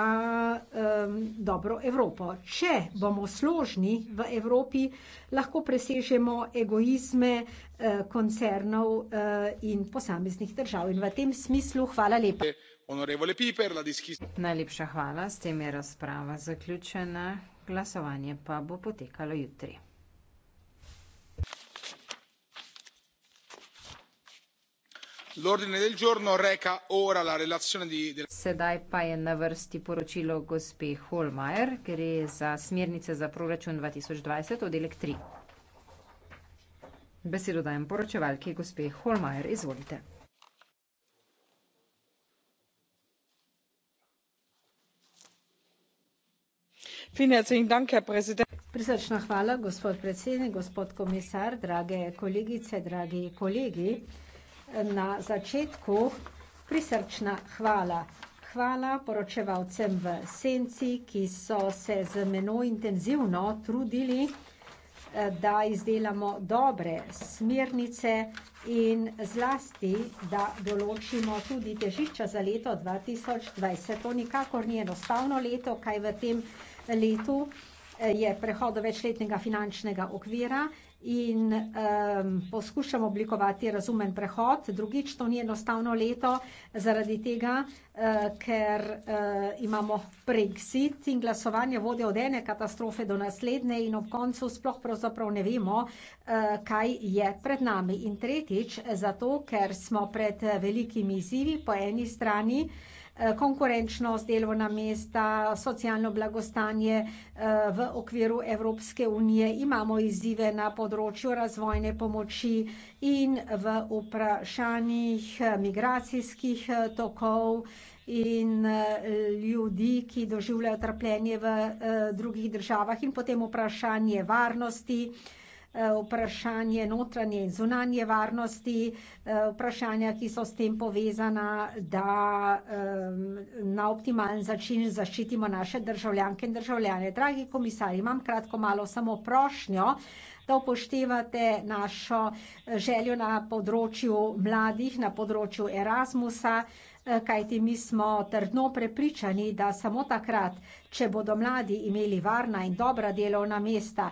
Speaker 1: um, dobro Evropo. Če bomo složni v Evropi, lahko presežemo egoizme uh, koncernov uh, in posameznih držav. In v tem smislu hvala lepa.
Speaker 2: Najlepša hvala, s tem je razprava zaključena, glasovanje pa bo potekalo jutri.
Speaker 1: l'ordine del giorno reca ora la relazione di
Speaker 2: sedaj pa je na vrsti poročilo gospe holmeier gre za smernice za proračun dva tisoč dvajset oddelek tri besedo dajem poročevalki gospe holmeier izvolite
Speaker 3: prisrčna
Speaker 1: hvala gospod predsednik gospod komisar drage kolegice dragi kolegi na začetku prisrčna hvala. Hvala poročevalcem v Senci, ki so se z menoj intenzivno trudili, eh, da izdelamo dobre smernice in zlasti, da določimo tudi težišča za leto 2020. To nikakor ni enostavno leto, kaj v tem letu eh, je prehodo večletnega finančnega okvira in um, poskušam oblikovati razumen prehod. Drugič, to ni enostavno leto zaradi tega, uh, ker uh, imamo Brexit in glasovanje vode od ene katastrofe do naslednje in ob koncu sploh pravzaprav ne vemo, uh, kaj je pred nami. In tretjič, zato, ker smo pred velikimi izzivi po eni strani uh, Eh, konkurenčnost, delovna mesta, socialno blagostanje eh, v okviru Evropske unije, imamo izzive na področju razvojne pomoči in v vprašanjih eh, migracijskih tokov in ljudi, ki doživljajo trpljenje v drugih državah in potem vprašanje varnosti. Eh, vprašanje notranje in zunanje varnosti, eh, vprašanja, ki so s tem povezana, da eh, na optimalen začin zaščitimo naše državljanke in državljane. Dragi komisar, imam kratko malo samo prošnjo, da upoštevate našo željo na področju mladih, na področju Erasmusa, kajti mi smo trdno prepričani, da samo takrat če bodo mladi imeli varna in dobra delovna mesta,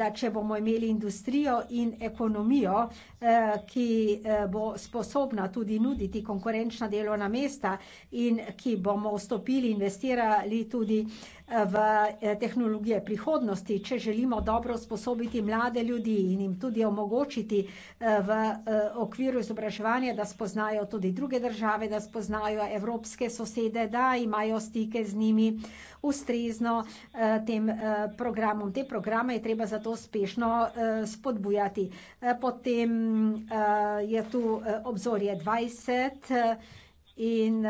Speaker 1: da če bomo imeli industrijo in ekonomijo, eh, ki eh, bo sposobna tudi nuditi konkurenčna delovna mesta in ki bomo vstopili, investirali tudi v v, eh, tehnologije prihodnosti, če želimo dobro usposobiti mlade ljudi in jim tudi omogočiti, eh, v, eh, okviru izobraževanja, da spoznajo tudi druge države, da spoznajo evropske sosede, da imajo stike z njimi ustrezno tem programom. Te programe je treba zato uspešno spodbujati. Potem je tu obzorje 20 in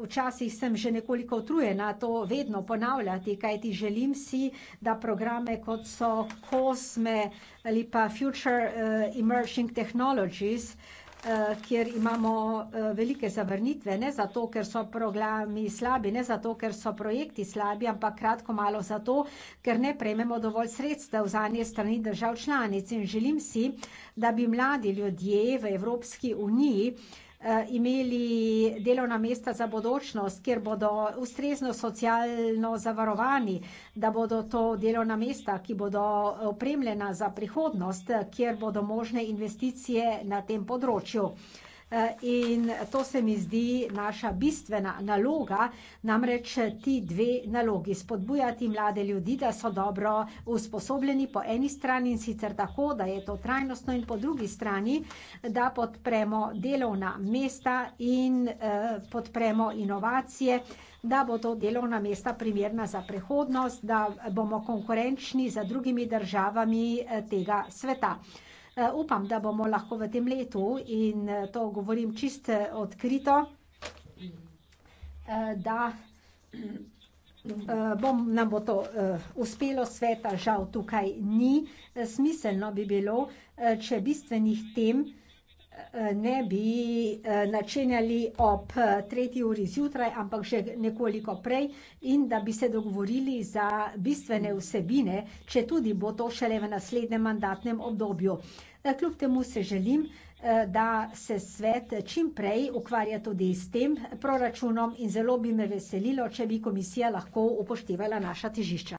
Speaker 1: Včasih sem že nekoliko utrujena to vedno ponavljati, kajti želim si, da programe kot so COSME ali pa Future uh, Emerging Technologies, uh, kjer imamo uh, velike zavrnitve, ne zato, ker so programi slabi, ne zato, ker so projekti slabi, ampak kratko malo zato, ker ne prejmemo dovolj sredstev za nje strani držav članic. In želim si, da bi mladi ljudje v Evropski uniji uh, Eh, imeli delovna mesta za bodočnost, kjer bodo ustrezno socialno zavarovani, da bodo to delovna mesta, ki bodo opremljena za prihodnost, kjer bodo možne investicije na tem področju. Eh, in to se mi zdi naša bistvena naloga, namreč eh, ti dve nalogi, spodbujati mlade ljudi, da so dobro usposobljeni po eni strani in sicer tako, da je to trajnostno in po drugi strani, da podpremo delovna mesta in eh, podpremo inovacije, da bo to delovna mesta primerna za prihodnost, da bomo konkurenčni za drugimi državami tega sveta. Eh, upam, da bomo lahko v tem letu, in eh, to govorim čisto eh, odkrito, da bom, nam bo to uspelo, sveta žal tukaj ni. Smiselno bi bilo, če bistvenih tem ne bi načenjali ob tretji uri zjutraj, ampak že nekoliko prej, in da bi se dogovorili za bistvene vsebine, četudi bo to šele v naslednjem mandatnem obdobju. Eh, kljub temu se želim, eh, da se svet čim prej ukvarja tudi s tem proračunom in zelo bi me veselilo, če bi komisija lahko upoštevala naša težišča.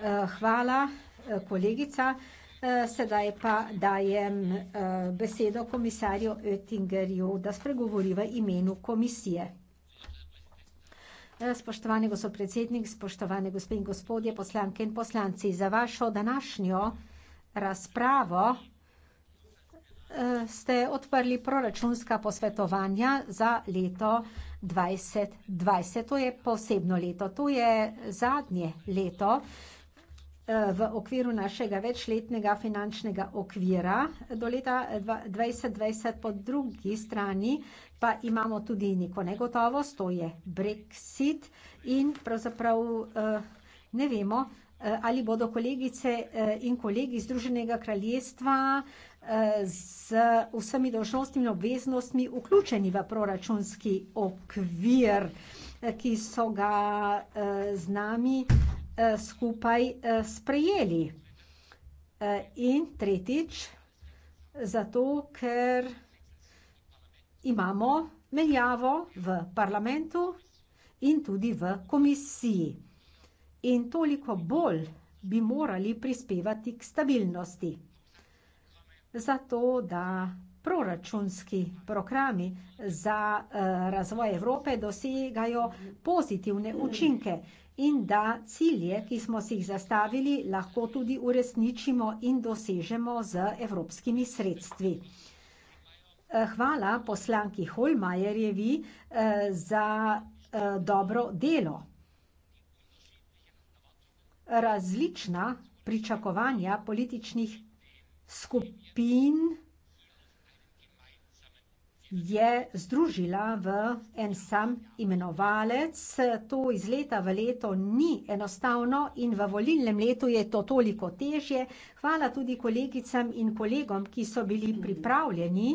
Speaker 1: Eh, hvala, kolegica. Sedaj pa dajem besedo komisarju Oettingerju, da spregovori v imenu komisije. Spoštovani gospod predsednik, spoštovane gospe in gospodje, poslanke in poslanci, za vašo današnjo razpravo eh, ste odprli proračunska posvetovanja za leto dvajset dvajset. To je posebno leto, to je zadnje leto eh, v okviru našega večletnega finančnega okvira do leta dvajset dvajset. Po drugi strani pa imamo tudi neko negotovost, to je brexit, in pravzaprav eh, ne vemo, Eh, ali bodo kolegice eh, in kolegi Združenega kraljestva eh, z vsemi dolžnostmi in obveznostmi vključeni v proračunski okvir, ki so ga z nami skupaj sprejeli. In tretjič, zato ker imamo menjavo v parlamentu in tudi v komisiji in toliko bolj bi morali prispevati k stabilnosti. Zato, da proračunski programi za eh, razvoj Evrope dosegajo pozitivne učinke in da cilje, ki smo si jih zastavili, lahko tudi uresničimo in dosežemo z evropskimi sredstvi. Eh, hvala poslanki Holmajerjevi eh, za dobro delo različna pričakovanja političnih skupin je združila v en sam imenovalec, to iz leta v leto ni enostavno in v volilnem letu je to toliko težje. Hvala tudi kolegicam in kolegom, ki so bili pripravljeni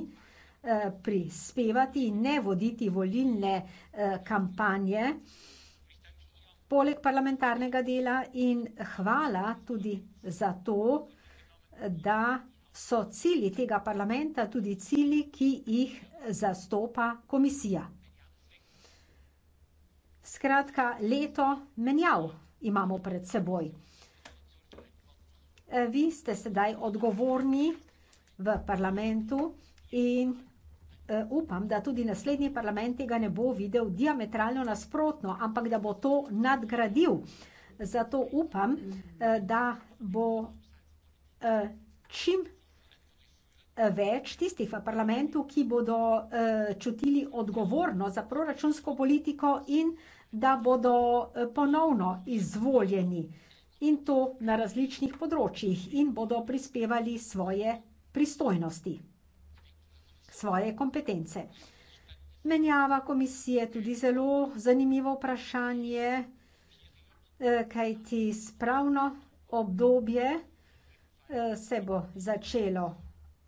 Speaker 1: eh, prispevati in ne voditi volilne eh, kampanje poleg parlamentarnega dela in hvala tudi za to, da so cilji tega parlamenta tudi cilji, ki jih zastopa komisija. Skratka, leto menjav imamo pred seboj. Vi ste sedaj odgovorni v parlamentu in Eh, upam, da tudi naslednji parlament tega ne bo videl diametralno nasprotno, ampak da bo to nadgradil. Zato upam, eh, da bo eh, čim več tistih v parlamentu, ki bodo čutili odgovorno za proračunsko politiko in da bodo ponovno izvoljeni in to na različnih področjih in bodo prispevali svoje pristojnosti svoje kompetence. Menjava komisije je tudi zelo zanimivo vprašanje, eh, kaj ti spravno obdobje eh, se bo začelo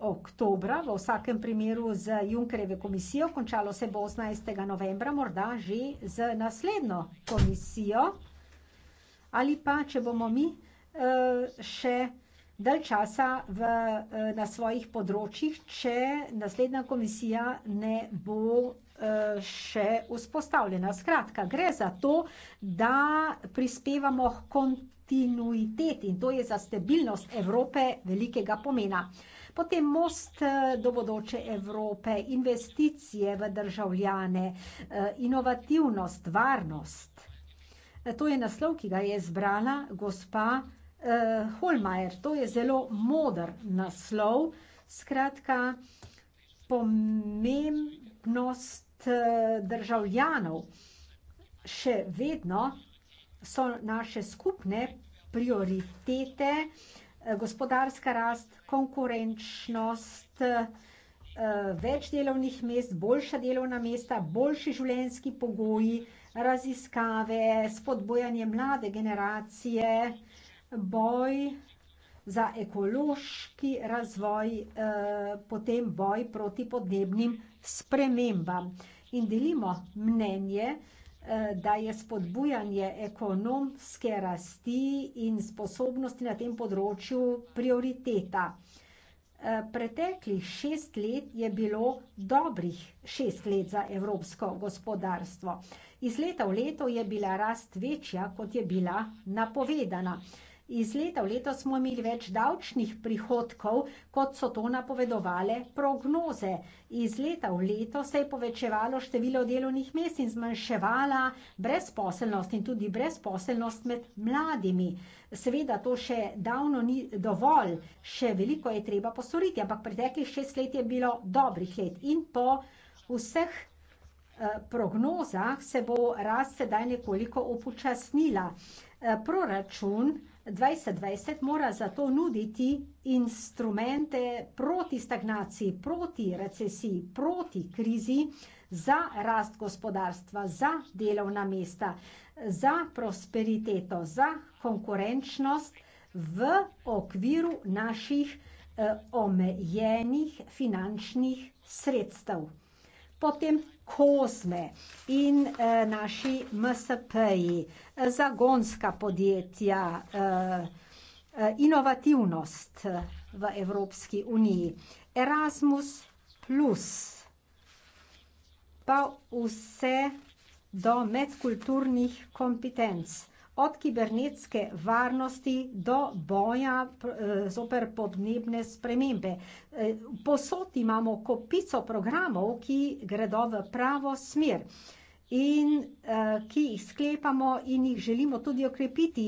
Speaker 1: oktobra, v vsakem primeru z Junkereve komisijo, končalo se bo 18. novembra, morda že z naslednjo komisijo ali pa, če bomo mi eh, še vprašali, dalj časa v, eh, na svojih področjih, če naslednja komisija ne bo eh, še vzpostavljena. Skratka, gre za to, da prispevamo k kontinuiteti in to je za stabilnost Evrope velikega pomena. Potem most eh, do bodoče Evrope, investicije v državljane, inovativnost, varnost. To je naslov, ki ga je zbrala gospa uh, Holmajer, to je zelo modr naslov, skratka pomembnost eh, državljanov še vedno so naše skupne prioritete, eh, gospodarska rast, konkurenčnost, več delovnih mest, boljša delovna mesta, boljši življenjski pogoji, raziskave, spodbojanje mlade generacije, boj za ekološki razvoj, eh, potem boj proti podnebnim spremembam. In delimo mnenje, eh, da je spodbujanje ekonomske rasti in sposobnosti na tem področju prioriteta. Eh, preteklih šest let je bilo dobrih šest let za evropsko gospodarstvo. Iz leta v leto je bila rast večja, kot je bila napovedana iz leta v leto smo imeli več davčnih prihodkov, kot so to napovedovale prognoze. Iz leta v leto se je povečevalo število delovnih mest in zmanjševala brezposelnost in tudi brezposelnost med mladimi. Seveda to še davno ni dovolj, še veliko je treba posoriti, ampak preteklih šest let je bilo dobrih let in po vseh eh, prognozah se bo rast sedaj nekoliko upočasnila. Eh, proračun 2020 mora zato nuditi instrumente proti stagnaciji, proti recesiji, proti krizi za rast gospodarstva, za delovna mesta, za prosperiteto, za konkurenčnost v okviru naših eh, omejenih finančnih sredstev potem Kozme in eh, naši MSP-ji, zagonska podjetja, eh, eh inovativnost eh, v Evropski uniji, Erasmus, plus, pa vse do medkulturnih kompetenc od kibernetske varnosti do boja eh, zoper podnebne spremembe. Eh, Posod imamo kopico programov, ki gredo v pravo smer in eh, ki jih sklepamo in jih želimo tudi okrepiti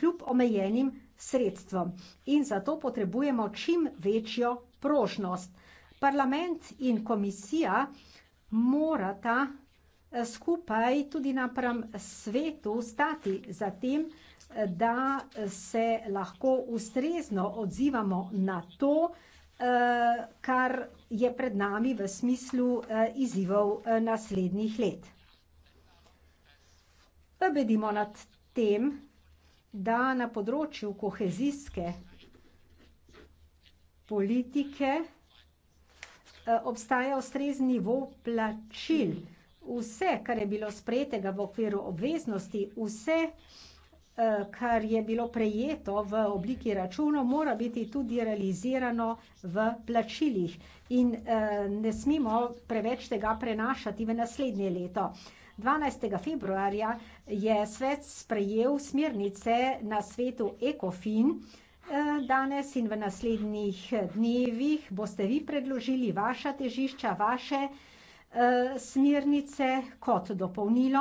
Speaker 1: kljub omejenim sredstvom. In zato potrebujemo čim večjo prožnost. Parlament in komisija morata skupaj tudi napram svetu stati za tem, da se lahko ustrezno odzivamo na to, kar je pred nami v smislu izzivov naslednjih let. Bedimo nad tem, da na področju kohezijske politike obstaja ustrezen nivo plačil vse, kar je bilo sprejetega v okviru obveznosti, vse, eh, kar je bilo prejeto v obliki računov, mora biti tudi realizirano v plačilih in eh, ne smemo preveč tega prenašati v naslednje leto. 12. februarja je svet sprejel smernice na svetu ECOFIN. Eh, danes in v naslednjih dnevih boste vi predložili vaša težišča, vaše težišča, Eh, smernice kot dopolnilo.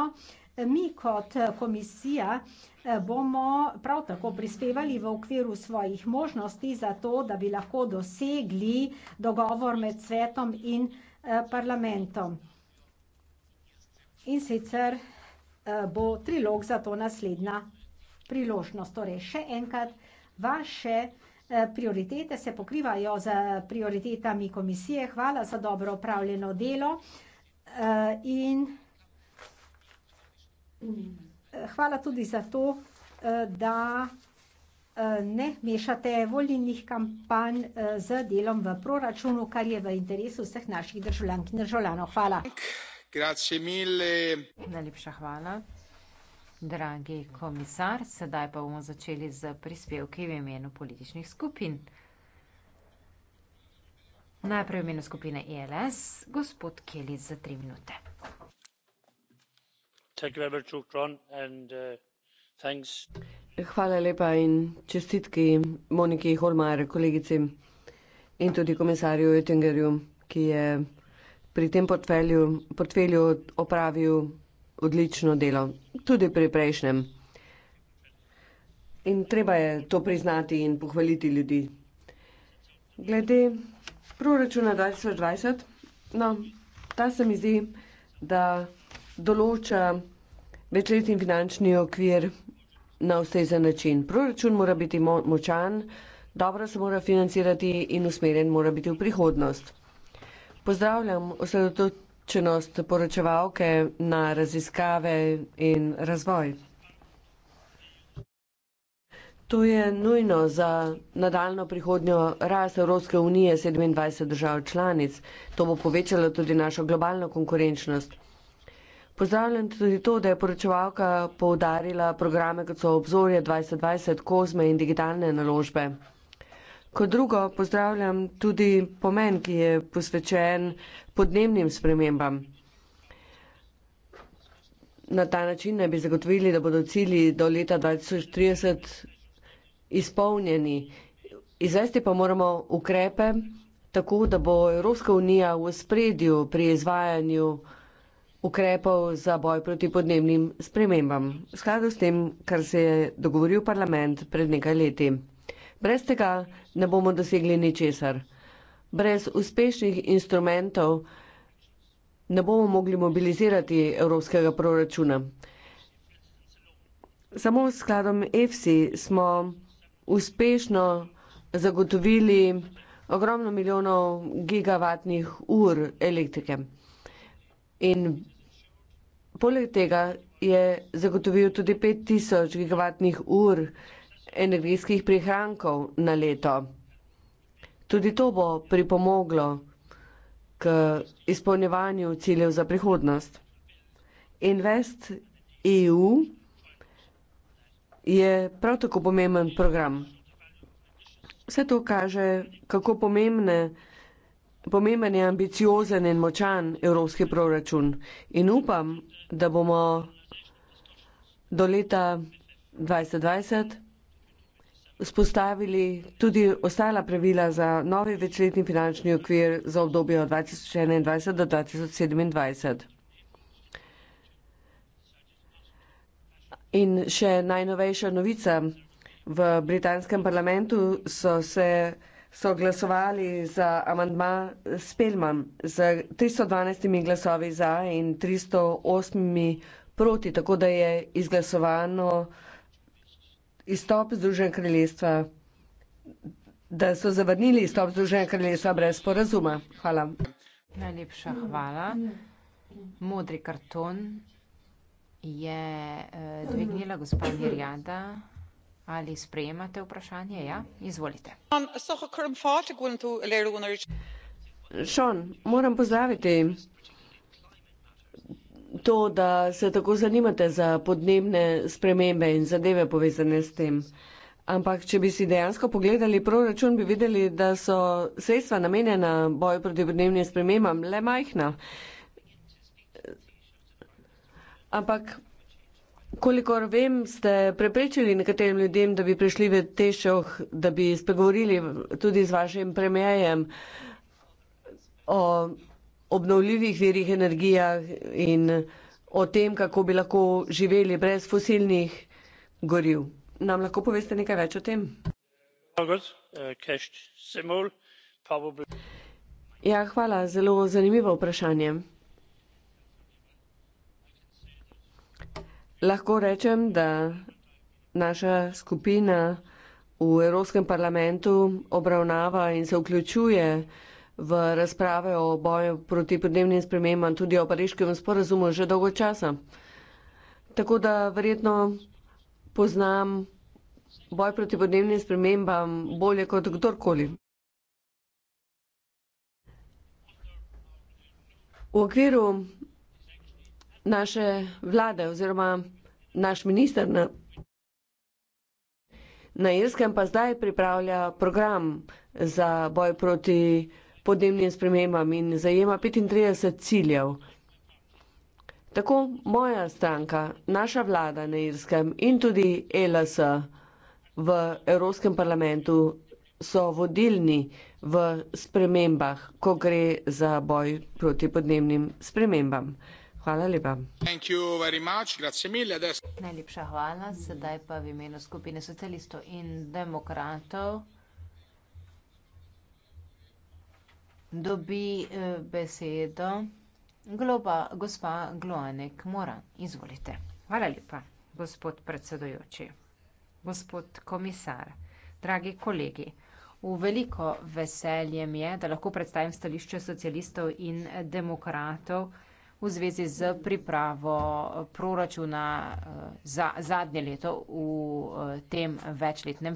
Speaker 1: Mi kot eh, komisija eh, bomo prav tako prispevali v okviru svojih možnosti za to, da bi lahko dosegli dogovor med svetom in parlamentom. In sicer bo trilog za to naslednja priložnost. Torej, še enkrat vaše vprašanje. Eh, prioritete se pokrivajo z prioritetami komisije. Hvala za dobro opravljeno delo eh, in eh, hvala tudi za to, da ne mešate volilnih kampanj z delom v proračunu, kar je v interesu vseh naših državljank in državljanov. Hvala. Najlepša
Speaker 2: hvala dragi komisar. Sedaj pa bomo začeli z prispevki v imenu političnih skupin. Najprej v imenu skupine ILS, e gospod Keli za tri minute.
Speaker 3: Uh, Hvala lepa in čestitki Moniki Holmar, kolegici in tudi komisarju Oettingerju, ki je pri tem portfelju, portfelju opravil odlično delo, tudi pri prejšnjem. In treba je to priznati in pohvaliti ljudi. Glede proračuna 2020, no, ta se mi zdi, da določa večletni finančni okvir na ustrezen način. Proračun mora biti močan, dobro se mora financirati in usmerjen mora biti v prihodnost. Pozdravljam osredotočenost osredotočenost poročevalke na raziskave in razvoj. To je nujno za nadaljno prihodnjo rast Evropske unije 27 držav članic. To bo povečalo tudi našo globalno konkurenčnost. Pozdravljam tudi to, da je poročevalka poudarila programe, kot so obzorje 2020, kozme in digitalne naložbe. Kot drugo pozdravljam tudi pomen, ki je posvečen podnebnim spremembam. Na ta način naj bi zagotovili, da bodo cilji do leta 2030 izpolnjeni. Izvesti pa moramo ukrepe tako, da bo Evropska unija v spredju pri izvajanju ukrepov za boj proti podnebnim spremembam, v skladu s tem, kar se je dogovoril parlament pred nekaj leti. Brez tega ne bomo dosegli ničesar. Brez uspešnih instrumentov ne bomo mogli mobilizirati evropskega proračuna. Samo s skladom EFSI smo uspešno zagotovili ogromno milijonov gigavatnih ur elektrike. In poleg tega je zagotovil tudi 5000 gigavatnih ur elektrike energijskih prihrankov na leto. Tudi to bo pripomoglo k izpolnjevanju ciljev za prihodnost. Invest EU je prav tako pomemben program. Vse to kaže, kako pomembne, pomemben je ambiciozen in močan evropski proračun. In upam, da bomo do leta 2020 spostavili tudi ostala pravila za novi večletni finančni okvir za obdobje od 2021 do 2027. In še najnovejša novica. V britanskem parlamentu so se so glasovali za amandma s Pelman z 312 glasovi za in 308 proti, tako da je izglasovano izstop Združenega kraljestva, da so zavrnili izstop Združenega kraljestva brez porazuma. Hvala.
Speaker 2: Najlepša hvala. Modri karton je eh, dvignila gospa Mirjada. Ali sprejemate
Speaker 3: vprašanje? Ja, izvolite. Sean, moram pozdraviti to, da se tako zanimate za podnebne spremembe in zadeve povezane s tem. Ampak, če bi si dejansko pogledali proračun, bi videli, da so sredstva namenjena boju proti podnebnim spremembam le majhna. Ampak, kolikor vem, ste preprečili nekaterim ljudem, da bi prišli v tešoh, da bi spregovorili tudi z vašim premijejem o obnovljivih verjih energije in o tem, kako bi lahko živeli brez fosilnih goriv. Nam lahko poveste nekaj več o tem? Uh, ja, hvala, zelo zanimivo vprašanje. Lahko rečem, da naša skupina v Evropskem parlamentu obravnava in se vključuje v v razprave o boju proti podnebnim spremembam, tudi o pariškem sporazumu, že dolgo časa. Tako da verjetno poznam boj proti podnebnim spremembam bolje kot kdorkoli. V okviru naše vlade oziroma naš minister na, na Irskem pa zdaj pripravlja program za boj proti podnebnim spremembam podnebnim spremembam in zajema 35 ciljev. Tako moja stranka, naša vlada na Irskem in tudi ELS v Evropskem parlamentu so vodilni v spremembah, ko gre za boj proti podnebnim spremembam. Hvala lepa.
Speaker 2: Najlepša hvala. Sedaj pa v imenu skupine socialistov in demokratov. dobi eh, besedo globa, gospa Gloanek Mora. Izvolite. Hvala lepa, gospod predsedujoči, gospod komisar, dragi kolegi. V veliko veselje mi je, da lahko predstavim stališče socialistov in demokratov v zvezi z pripravo eh, proračuna eh, za zadnje leto v tem večletnem finančnem.